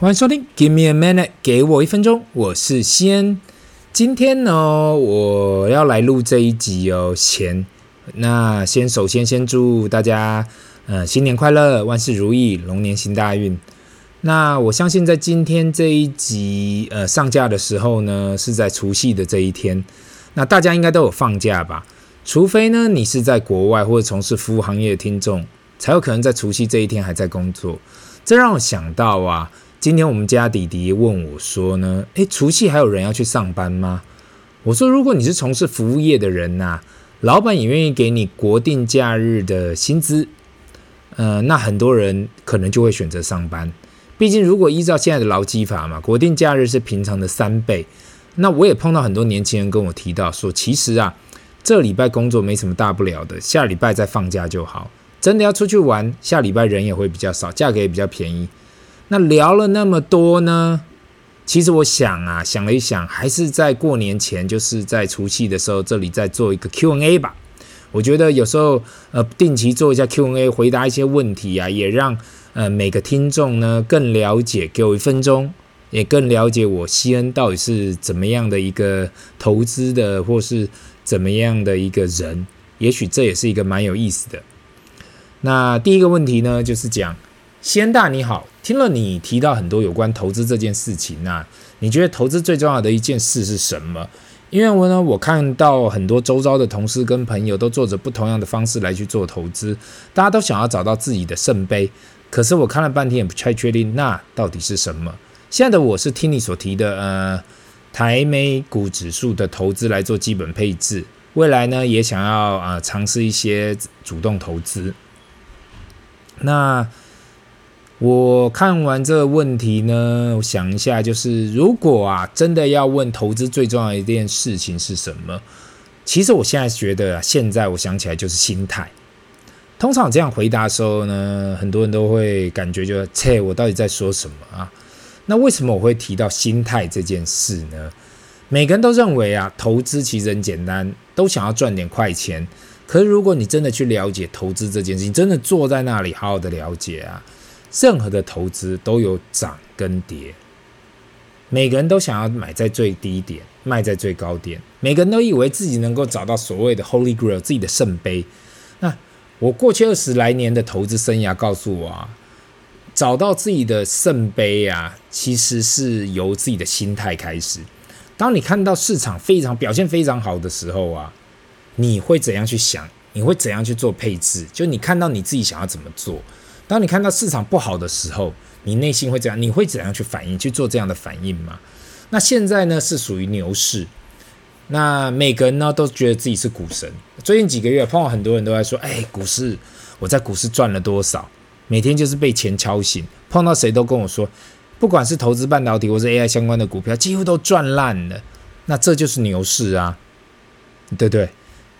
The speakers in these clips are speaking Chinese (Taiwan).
歡迎收聽《Give Me a Minute》，給我一分鐘。我是先，今天呢，我要來錄這一集哦。先，那先首先先祝大家呃新年快樂，萬事如意，龍年行大運。那我相信在今天這一集呃上架的時候呢，是在除夕的這一天。那大家應該都有放假吧？除非呢，你是在國外或者從事服務行業的聽眾，才有可能在除夕這一天還在工作。這讓我想到啊。今天我們家弟弟問我說呢，哎，除夕還有人要去上班嗎？我說，如果你是從事服務業的人吶、啊，老闆也願意給你國定假日的薪資，呃，那很多人可能就會選擇上班。畢竟，如果依照現在的勞基法嘛，國定假日是平常的三倍。那我也碰到很多年輕人跟我提到說，其實啊，這禮拜工作沒什麼大不了的，下禮拜再放假就好。真的要出去玩，下禮拜人也會比較少，價格也比較便宜。那聊了那麼多呢？其實我想啊，想了一想，還是在過年前，就是在除夕的時候，這裡再做一個 Q&A 吧。我覺得有時候呃，定期做一下 Q&A，回答一些問題啊，也讓呃每個聽眾呢更了解，給我一分鐘，也更了解我西恩到底是怎麼樣的一個投資的，或是怎麼樣的一個人。也許這也是一個蠻有意思的。那第一個問題呢，就是講。先大你好，聽了你提到很多有關投資這件事情，啊，那你覺得投資最重要的一件事是什麼？因為我呢，我看到很多周遭的同事跟朋友都做着不同樣的方式來去做投資，大家都想要找到自己的聖杯，可是我看了半天也不太確定那到底是什麼。現在的我是聽你所提的，呃，台美股指數的投資來做基本配置，未來呢也想要啊、呃、嘗試一些主動投資，那。我看完這個問題呢，我想一下，就是如果啊，真的要問投資最重要的一件事情是什麼？其實我現在覺得，現在我想起來就是心態。通常這樣回答的時候呢，很多人都會感覺就，切，我到底在說什麼啊？那為什麼我會提到心態這件事呢？每個人都認為啊，投資其實很簡單，都想要賺點快錢。可是如果你真的去了解投資這件事，你真的坐在那裡好好的了解啊。任何的投資都有漲跟跌，每個人都想要買在最低點，賣在最高點。每個人都以為自己能夠找到所謂的 Holy Grail，自己的聖杯。那我過去二十來年的投資生涯告訴我啊，找到自己的聖杯啊，其實是由自己的心態開始。當你看到市場非常表現非常好的時候啊，你會怎樣去想？你會怎樣去做配置？就你看到你自己想要怎麼做。當你看到市場不好的時候，你內心會怎樣？你會怎樣去反應？去做這樣的反應嗎？那現在呢，是屬於牛市。那每個人呢，都覺得自己是股神。最近幾個月，碰到很多人都在說：“哎，股市，我在股市賺了多少？每天就是被錢敲醒。”碰到誰都跟我說，不管是投資半導體或是 AI 相關的股票，幾乎都賺爛了。那這就是牛市啊，對不對？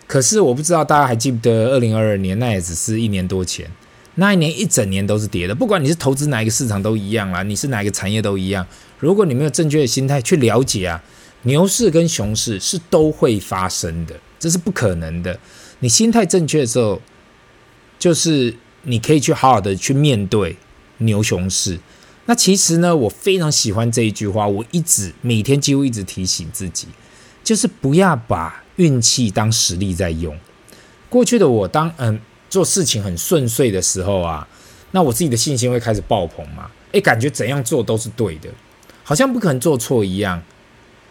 可是我不知道大家還記不得，二零二二年，那也只是一年多前。那一年一整年都是跌的，不管你是投資哪一個市場都一樣啊，你是哪一個產業都一樣。如果你沒有正確的心態去了解啊，牛市跟熊市是都會發生的，這是不可能的。你心態正確的時候，就是你可以去好好的去面對牛熊市。那其實呢，我非常喜歡這一句話，我一直每天幾乎一直提醒自己，就是不要把運氣當實力在用。過去的我當嗯。做事情很順遂的時候啊，那我自己的信心會開始爆棚嘛？欸，感覺怎樣做都是對的，好像不可能做錯一樣。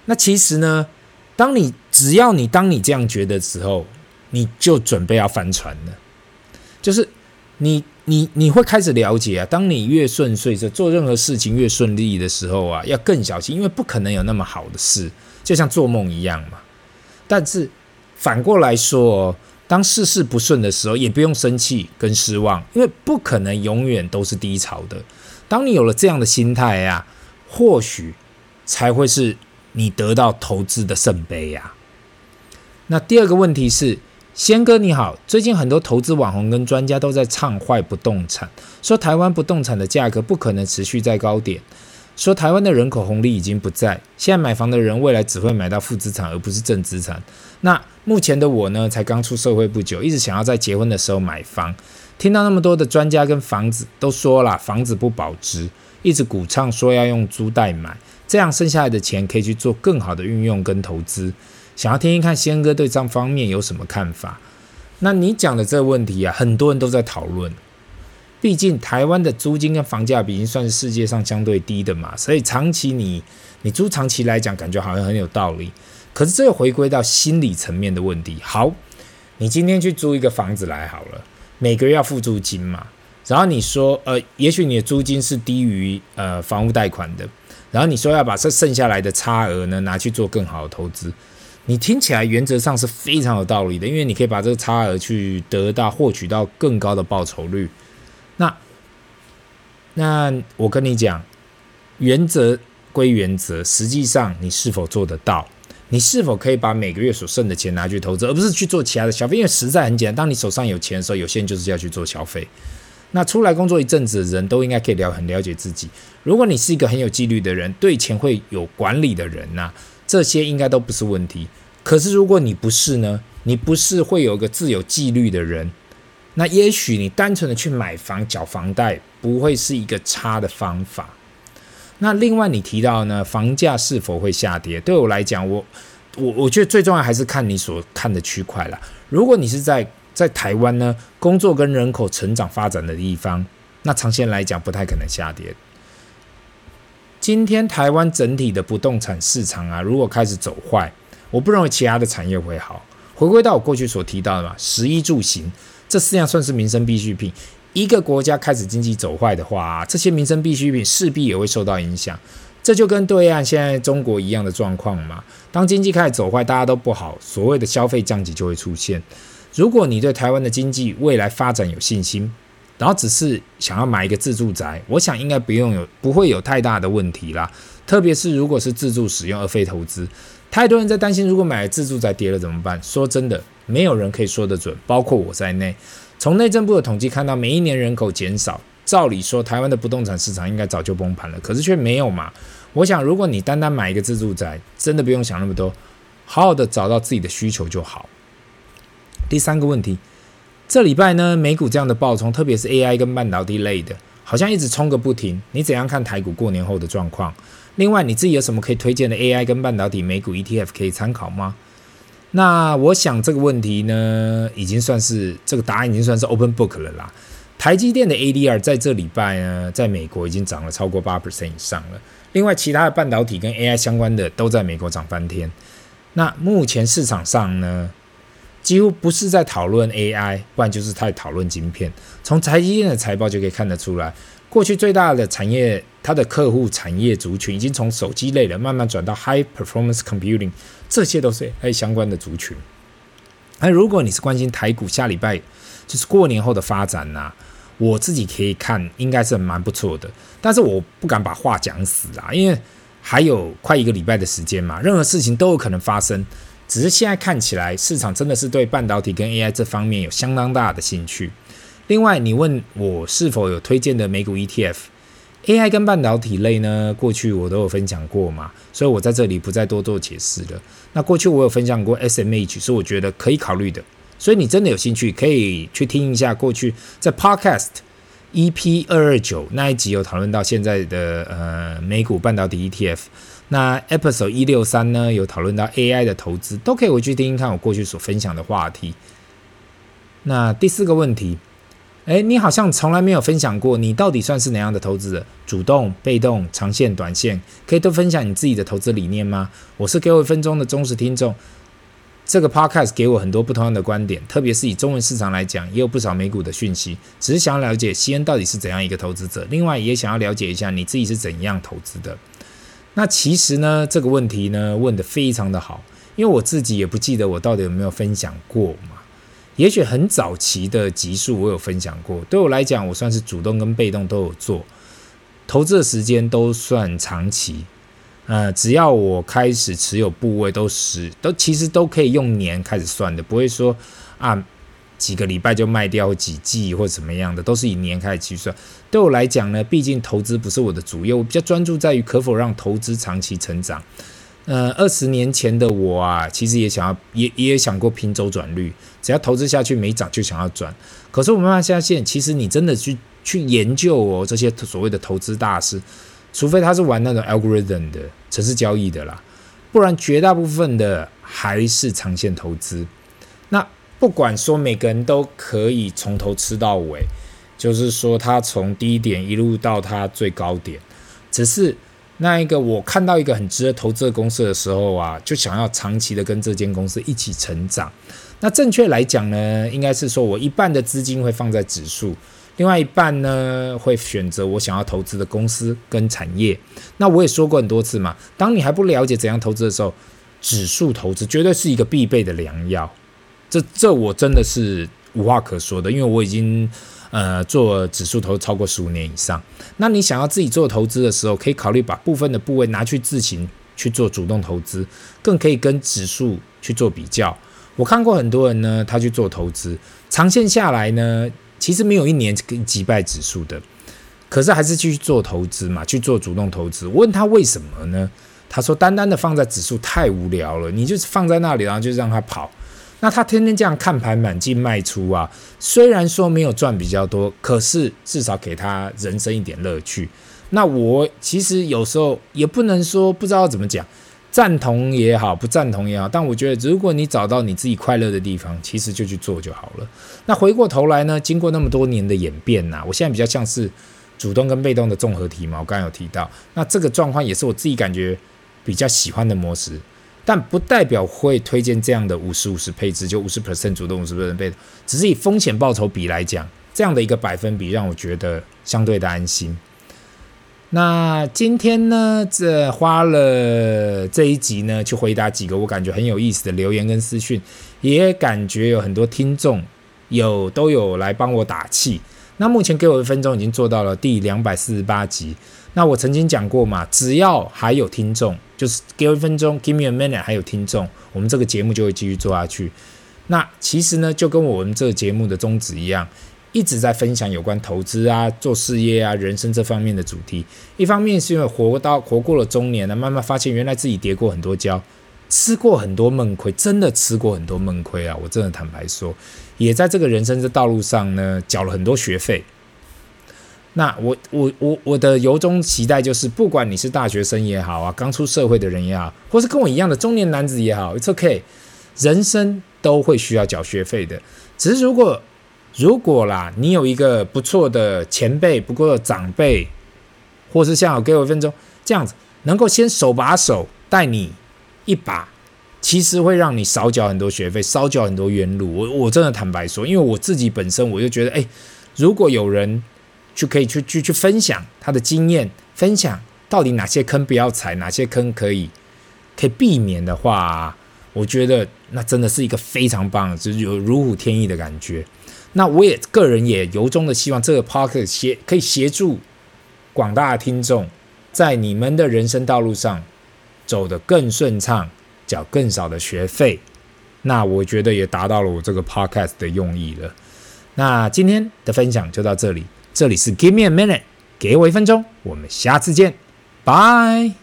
那其實呢，當你只要你當你這樣覺得的時候，你就準備要翻船了。就是你你你會開始了解啊，當你越順遂，着做任何事情越順利的時候啊，要更小心，因為不可能有那麼好的事，就像做夢一樣嘛。但是反過來說哦。當事事不順的時候，也不用生氣跟失望，因為不可能永遠都是低潮的。當你有了這樣的心態呀、啊，或許才會是你得到投資的聖杯呀。那第二個問題是，先哥你好，最近很多投資網紅跟專家都在唱壞不動產，說台灣不動產的價格不可能持續在高點，說台灣的人口紅利已經不在，現在買房的人未來只會買到負資產而不是正資產。那目前的我呢，才剛出社會不久，一直想要在結婚的時候買房。聽到那麼多的專家跟房子，都說了，房子不保值，一直鼓倡，說要用租代買，這樣剩下來的錢可以去做更好的運用跟投資。想要聽聽看仙哥對這方面有什麼看法？那你講的這個問題啊，很多人都在討論。畢竟台灣的租金跟房價比已經算是世界上相對低的嘛，所以長期你你租長期來講，感覺好像很有道理。可是，這又回歸到心理層面的問題。好，你今天去租一個房子來好了，每個月要付租金嘛。然後你說，呃，也許你的租金是低於呃房屋貸款的。然後你說要把這剩下來的差額呢，拿去做更好的投資。你聽起來原則上是非常有道理的，因為你可以把這個差額去得到獲取到更高的報酬率。那那我跟你講，原則歸原則，實際上你是否做得到？你是否可以把每個月所剩的錢拿去投資，而不是去做其他的消費？因為實在很簡單，當你手上有錢的時候，有些人就是要去做消費。那出來工作一陣子的人都應該可以了，很了解自己。如果你是一個很有紀律的人，對錢會有管理的人吶、啊，這些應該都不是問題。可是如果你不是呢？你不是會有一個自有紀律的人，那也許你單純的去買房繳房貸不會是一個差的方法。那另外你提到呢，房價是否會下跌？對我來講，我我我覺得最重要還是看你所看的區塊啦。如果你是在在台灣呢，工作跟人口成長發展的地方，那長線來講不太可能下跌。今天台灣整體的不動產市場啊，如果開始走壞，我不認為其他的產業會好。回歸到我過去所提到的嘛，食衣住行這四樣算是民生必需品。一個國家開始經濟走壞的話，這些民生必需品勢必也會受到影響，這就跟對岸現在中國一樣的狀況嘛。當經濟開始走壞，大家都不好，所謂的消費降級就會出現。如果你對台灣的經濟未來發展有信心，然後只是想要買一個自住宅，我想應該不用有，不會有太大的問題啦。特別是如果是自住使用而非投資，太多人在擔心如果買了自住宅跌了怎麼辦？說真的，沒有人可以說得準，包括我在內。從內政部的統計看到，每一年人口減少，照理說台灣的不動產市場應該早就崩盤了，可是卻沒有嘛。我想，如果你單單買一個自住宅，真的不用想那麼多，好好的找到自己的需求就好。第三個問題，這禮拜呢，美股這樣的暴衝，特別是 AI 跟半導體類的，好像一直衝個不停。你怎樣看台股過年後的狀況？另外，你自己有什麼可以推薦的 AI 跟半導體美股 ETF 可以參考嗎？那我想這個問題呢，已經算是這個答案已經算是 open book 了啦。台積電的 ADR 在這禮拜呢，在美國已經漲了超過八 percent 以上了。另外，其他的半導體跟 AI 相關的，都在美國漲翻天。那目前市場上呢，幾乎不是在討論 AI，不然就是在討論晶片，從台積電的財報就可以看得出來。過去最大的產業，它的客戶產業族群已經從手機類的慢慢轉到 High Performance Computing，這些都是 AI、哎、相關的族群。那、哎、如果你是關心台股下禮拜就是過年後的發展吶、啊，我自己可以看應該是蠻不錯的，但是我不敢把話講死啊，因為還有快一個禮拜的時間嘛，任何事情都有可能發生。只是現在看起來，市場真的是對半導體跟 AI 這方面有相當大的興趣。另外，你問我是否有推薦的美股 ETF，AI 跟半導體類呢？過去我都有分享過嘛，所以我在這裡不再多做解釋了。那過去我有分享過 SMH，是我覺得可以考慮的。所以你真的有興趣，可以去聽一下過去在 Podcast EP 二二九那一集有討論到現在的呃美股半導體 ETF，那 Episode 一六三呢有討論到 AI 的投資，都可以回去聽聽看我過去所分享的話題。那第四個問題。誒，你好像從來沒有分享過，你到底算是哪樣的投資者？主動、被動、長線、短線，可以都分享你自己的投資理念嗎？我是給我一分鐘的忠實聽眾，這個 podcast 給我很多不同樣的觀點，特別是以中文市場來講，也有不少美股的訊息。只是想要了解西安到底是怎樣一個投資者，另外也想要了解一下你自己是怎樣投資的。那其實呢，這個問題呢問得非常的好，因為我自己也不記得我到底有沒有分享過嘛。也許很早期的集數，我有分享過。對我來講，我算是主動跟被動都有做，投資的時間都算長期。呃，只要我開始持有部位，都是都其實都可以用年開始算的，不會說啊幾個禮拜就賣掉幾季或怎麼樣的，都是以年開始計算。對我來講呢，畢竟投資不是我的主業，我比較專注在於可否讓投資長期成長。呃，二十年前的我啊，其實也想要，也也想過拼周轉率，只要投資下去沒漲就想要轉。可是我慢慢發現，在現在，其實你真的去去研究哦，這些所謂的投資大師，除非他是玩那種 algorithm 的程式交易的啦，不然絕大部分的還是長線投資。那不管說每個人都可以從頭吃到尾，就是說他從低點一路到他最高點，只是。那一個我看到一個很值得投資的公司的時候啊，就想要長期的跟這間公司一起成長。那正確來講呢，應該是說我一半的資金會放在指數，另外一半呢會選擇我想要投資的公司跟產業。那我也說過很多次嘛，當你還不了解怎樣投資的時候，指數投資絕對是一個必備的良藥。這這我真的是無話可說的，因為我已經呃，做指數投資超過十五年以上，那你想要自己做投資的時候，可以考慮把部分的部位拿去自行去做主動投資，更可以跟指數去做比較。我看過很多人呢，他去做投資，長線下來呢，其實沒有一年可以擊敗指數的，可是還是去做投資嘛，去做主動投資。我問他為什麼呢？他說單單的放在指數太無聊了，你就放在那裡，然後就讓他跑。那他天天這樣看盤買進賣出啊，雖然說沒有賺比較多，可是至少給他人生一點樂趣。那我其實有時候也不能說，不知道怎麼講，贊同也好，不贊同也好，但我覺得如果你找到你自己快樂的地方，其實就去做就好了。那回過頭來呢，經過那麼多年的演變吶，我現在比較像是主動跟被動的綜合體嘛，我剛剛有提到，那這個狀況也是我自己感覺比較喜歡的模式。但不代表會推薦這樣的五十五十配置，就五十 percent 主動，五十 percent 被動，只是以風險報酬比來講，這樣的一個百分比讓我覺得相對的安心。那今天呢，這花了這一集呢，去回答幾個我感覺很有意思的留言跟私訊，也感覺有很多聽眾有都有來幫我打氣。那目前給我一分鐘已經做到了第兩百四十八集。那我曾經講過嘛，只要還有聽眾，就是給我一分鐘，give me a minute，還有聽眾，我們這個節目就會繼續做下去。那其實呢，就跟我們這個節目的宗旨一樣，一直在分享有關投資啊、做事業啊、人生這方面的主題。一方面是因為活到活過了中年了，慢慢發現原來自己跌過很多跤，吃過很多悶虧，真的吃過很多悶虧啊！我真的坦白說，也在這個人生的道路上呢，繳了很多學費。那我我我我的由衷期待就是，不管你是大學生也好啊，剛出社會的人也好，或是跟我一樣的中年男子也好，It's okay，人生都會需要繳學費的。只是如果如果啦，你有一個不錯的前輩，不過長輩，或是像我給我一分鐘這樣子，能夠先手把手帶你一把，其實會讓你少繳很多學費，少繳很多冤路。我我真的坦白說，因為我自己本身我就覺得，哎，如果有人。就可以去去去分享他的經驗，分享到底哪些坑不要踩，哪些坑可以可以避免的話，啊，我覺得那真的是一個非常棒的，就是，有如虎添翼的感覺。那我也個人也由衷的希望這個 podcast 協可以協助廣大的聽眾在你們的人生道路上走得更順暢，繳更少的學費。那我覺得也達到了我這個 podcast 的用意了。那今天的分享就到這裡。這裡是 Give me a minute，給我一分鐘，我們下次見，拜。